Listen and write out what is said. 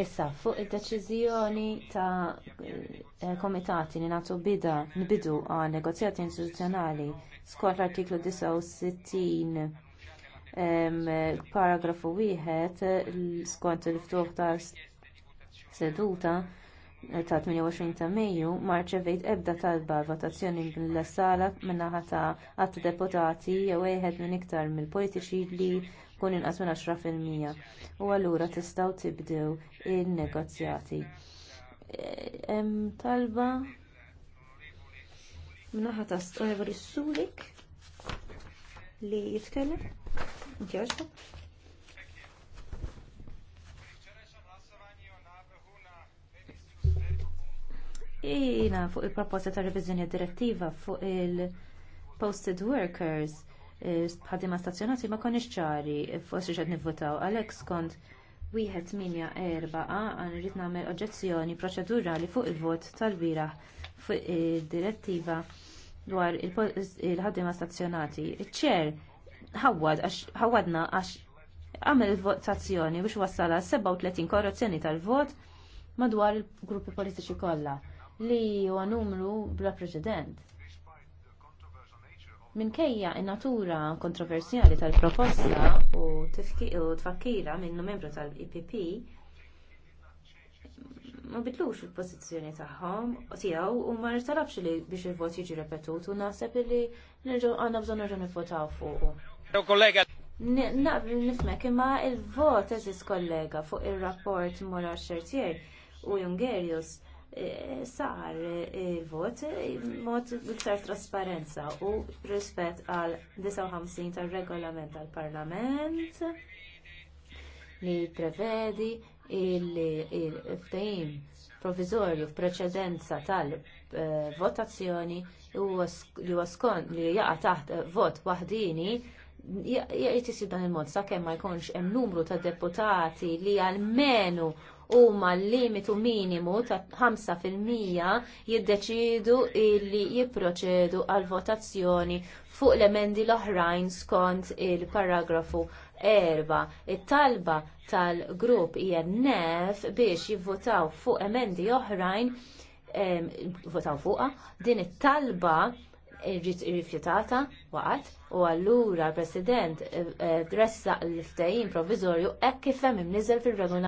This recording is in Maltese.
Issa, fuq id-deċiżjoni ta' komitati li nagħtu bida nbidu għal negozjati istituzzjonali skont l-artiklu 69 paragrafu wieħed skont il-ftuħ ta' seduta ta' 28 ta' Mejju ma rċevejt ebda talba votazzjoni mill-sala min-naħa ta' għatt deputati jew wieħed minn iktar mill-politiċi li kun inqas minn 10%. U allura tistgħu tibdew in-negozjati. E, em talba min ta' Onorevoli Sulik li jitkellem. Inti Jiena fuq il-proposta ta' revizjoni direttiva fuq il-posted workers eh, bħadima stazzjonati ma konniex ċari fuq xi qed nivvotaw għalhekk skont wieħed minja erbaqa għan rrid nagħmel oġġezzjoni proċedurali fuq il-vot tal-bieraħ fuq id-direttiva dwar il-ħaddiema stazzjonati. Ċer ħawad ħawadna għax għamel il-votazzjoni biex wassala 37 korruzzjoni tal-vot madwar il-gruppi politiċi kollha li huwa numru bla preċedent. Minkejja in-natura kontroversjali tal-proposta u tfakkira minnu membru tal-IPP ma bidlux il-pozizjoni tagħhom tiegħu u ma nitalabx li biex il-vot jiġi repetut u naħseb li nerġgħu għandna bżonn nerġgħu nivvotaw fuq. Naqbel nifmek imma il-vot eżis kollega fuq ir-rapport Mora Xertier u Jungerius Eh, sar il-vot eh, eh, mod iktar trasparenza u rispet għal 59 tal-regolament tal-parlament li prevedi il-ftehim provizorju f'preċedenza tal-votazzjoni li huwa skont li jaqa' taħt vot waħdini jgħid isir dan il-mod sakemm ma jkunx hemm numru ta' deputati li għalmenu huma l-limitu minimu ta' 5% jiddeċidu li jipproċedu għal votazzjoni fuq l-emendi l-oħrajn skont il-paragrafu 4. It-talba tal-grupp INF biex jivvotaw fuq emendi oħrajn votaw fuqa din it-talba ġiet irrifjutata waqgħet u allura l-President eh, eh, ressaq l-ftehim provizorju hekk kif hemm imniżel fir-regolament.